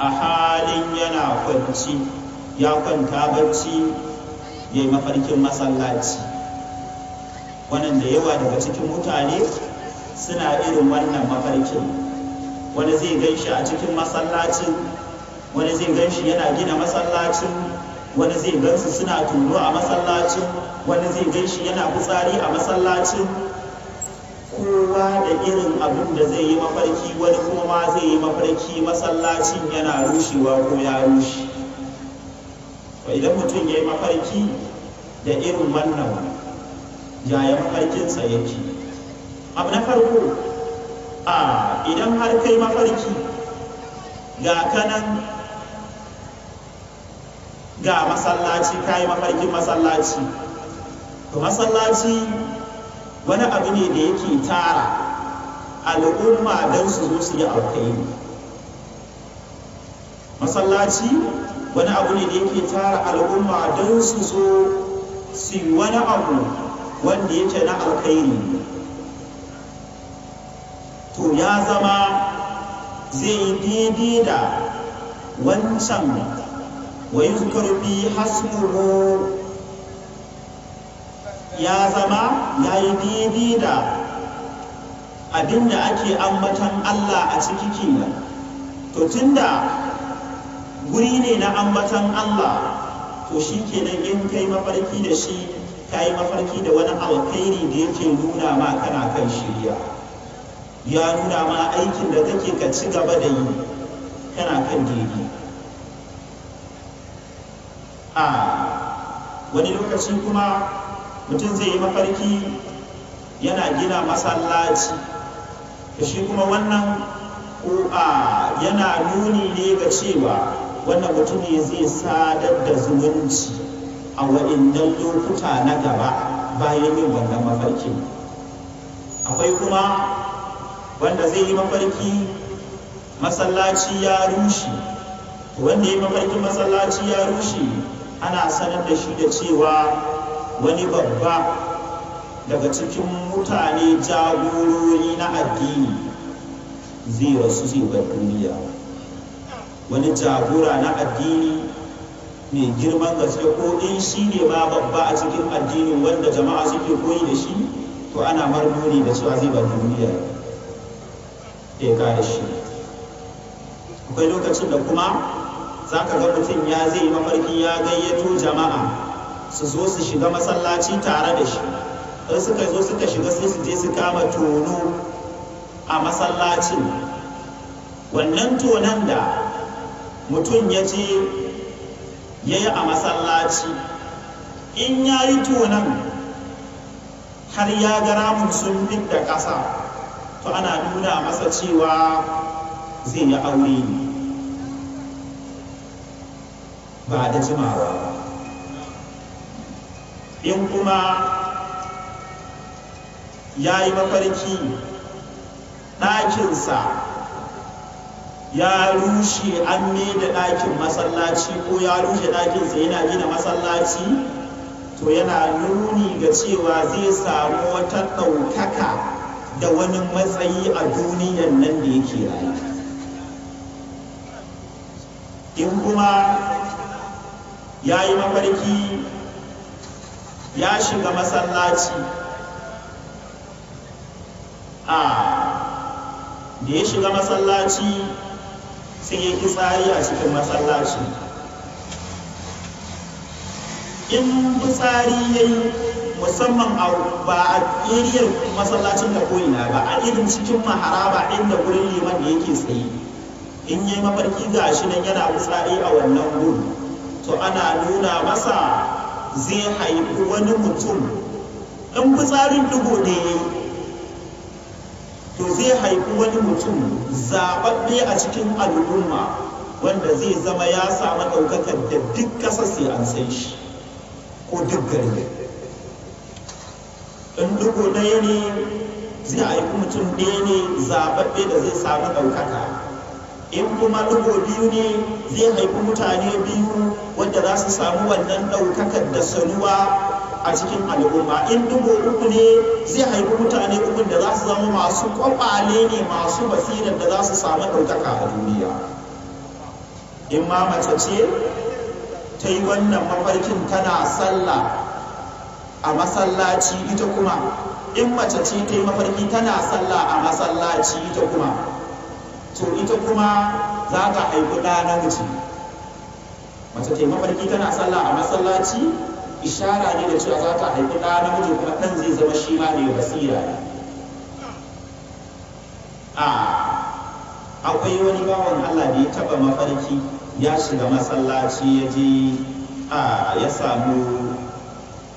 a halin yana kwanci ya kwanta barci ya yi mafarkin masallaci wannan da yawa daga cikin mutane suna irin wannan mafarkin wani zai gan shi a cikin masallacin wani zai gan shi yana gina masallacin wani zai gan su suna turo a masallacin wani zai gan shi yana fitsari a masallacin kowa da irin abin da zai yi mafarki wani kuma ma zai yi mafarki masallacin yana rushewa ko ya rushe wa idan mutum ya yi mafarki da irin wannan yi mafarkinsa yake abu na farko a idan har kai mafarki ga kanan ga masallaci kayi mafarkin masallaci masallaci wani abu ne da yake tara al'umma don su zo su yi alkhairi masallaci wani abu ne da yake tara al'umma don su zo su yi wani abu wanda yake na alkhairi to ya zama zai yi daidai da wancan wa yuzkaru bi ya zama ya yi daidai da abin da ake ambatan Allah a ciki kenan to tunda guri ne na ambatan Allah to shi kenan in kai mafarki da shi ka yi mafarki da wani alkhairi da yake nuna ma kana kan shirya ya nuna ma aikin da kake ka ci gaba da yi kana kan daidai a wani lokaci kuma mutum zai yi mafarki yana gina masallaci shi kuma wannan a yana nuni ne ga cewa wannan mutum ne zai sadar da zumunci a waɗannan lokuta na gaba bayan yin wannan mafarkin akwai kuma wanda zai yi mafarki masallaci ya rushe wanda ya yi mafarki masallaci ya rushe ana sanar da shi da cewa wani babba daga cikin mutane jagorori na addini zai rasu zai bar duniya wani jagora na addini mai girman gaske ko in shi ne ma babba a cikin addinin wanda jama'a suke koyi da shi to ana marmuni da cewa zai bar duniya ya kare shi akwai lokacin da kuma za ka ga mutum ya zai mafarki ya gayyato jama'a su zo su shiga masallaci tare da shi in suka zo suka shiga sai su je su kama tono a masallacin wannan tonon da mutum ya je ya yi a masallaci in ya yi tonon har ya ga ramun sun da ƙasa to ana nuna masa cewa zai yi aure ne ba da jimawa ba in kuma ya yi mafarki ɗakinsa ya rushe an da ɗakin masallaci ko ya rushe ɗakinsa yana gina masallaci to yana nuni ga cewa zai samu wata ɗaukaka da wani matsayi a duniyan nan da yake rayu in kuma ya yi mafarki ya shiga masallaci a da ya shiga masallaci sai ya ki tsari a cikin masallaci in tsari ya yi musamman ba a ƙeriyar masallacin da ko'ina ba a irin cikin maharaba inda wurin liman da yake tsaye in yi mafarki ga shi nan yana tsari a wannan gudu to ana nuna masa zai haifi wani mutum in fitsarin dubu da yi to zai haifi wani mutum zaɓaɓɓe a cikin al'umma wanda zai zama ya samu ɗaukakar da duk ƙasa sai an san shi ko duk gari in dubu ɗaya ne zai haifi mutum ɗaya ne zaɓaɓɓe da zai samu ɗaukaka in kuma ɗigo biyu ne zai haifi mutane biyu wanda za su samu wannan ɗaukakar da sanuwa a cikin al'umma in ɗigo uku ne zai haifi mutane uku da za su zama masu kwabale ne masu basirar da za su samu ɗaukaka a duniya in ma mace ce ta yi wannan mafarkin tana sallah a masallaci ita kuma in mace ce ta yi mafarki tana sallah a masallaci ita kuma to ita kuma za ta haifi ɗa namiji mace ta mafarki tana sallah a masallaci ishara ne da cewa za ta haifi ɗa namiji kuma ɗan zai zama shi ma ne basira a akwai wani bawan Allah da ya taba mafarki ya shiga masallaci ya je a ya samu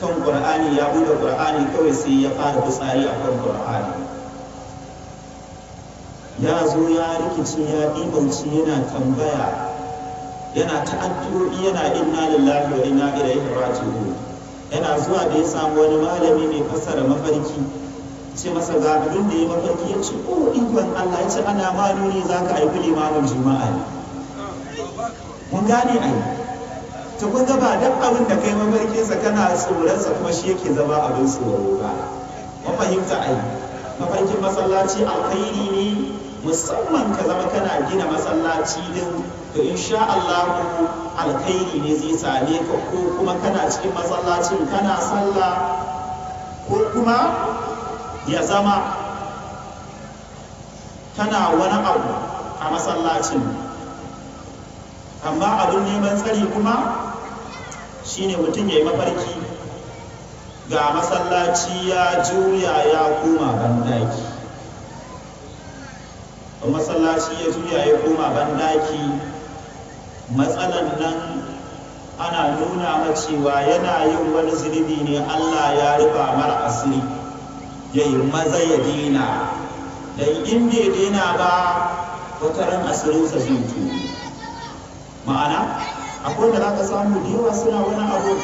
kan ƙur'ani ya bude ƙur'ani kawai sai ya fara fitsari a kan ƙur'ani ya zo ya rikice ya ɗibanci yana tambaya yana ta'addu yana inna lillahi wa inna ilaihi raji'un yana zuwa da ya samu wani malami mai fassara mafarki ce masa ga abin da ya mafarki ya ce o ikon Allah ya ce ana ma nuni za ka aiki limamin juma'a ne mun gane ai to kun ba duk abin da kai mafarkinsa kana tsoronsa kuma shi yake zama abin tsoro ba mun fahimta ai mafarkin masallaci alkhairi ne musamman ka zama kana gina masallaci din to insha Allah alkhairi ne zai same ka ko kuma kana cikin masallacin kana sallah ko kuma ya zama kana wani abu a masallacin amma abin neman tsari kuma shine mutum ya yi mafarki ga masallaci ya juya ya koma bandaki a masallaci ya juya ya koma bandaki matsalan nan ana nuna ma cewa yana yin wani zunubi ne allah ya rufa mara asiri ya yi maza ya dina da in bai dina ba wataran asirinsa zai tuni ma'ana akwai da za ka samu da yawa suna wani abu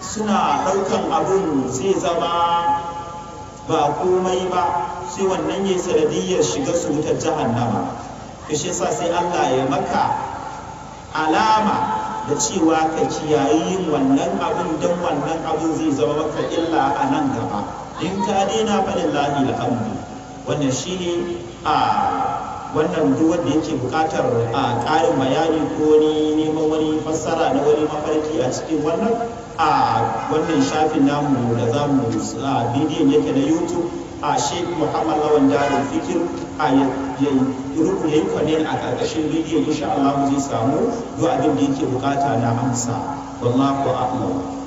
suna ɗaukan abun zai zama ba komai ba sai wannan ya sanadiyar shiga su wutar jahannama to shi sa, sai Allah ya maka alama da cewa ka kiyaye yin wannan abin don wannan abin zai zama maka illa a nan gaba in ka daina falillahi alhamdu wannan shine a wannan duk wanda yake bukatar a ƙarin bayani ko wani neman wani fassara na wani mafarki a cikin wannan a wannan shafin namu da za mu a bidiyon yake na youtube a sheik muhammad lawan darin fikir a rukun yayi a karkashin bidiyon insha Allah zai samu zuwa abin da yake bukata na amsa wallahu a'lam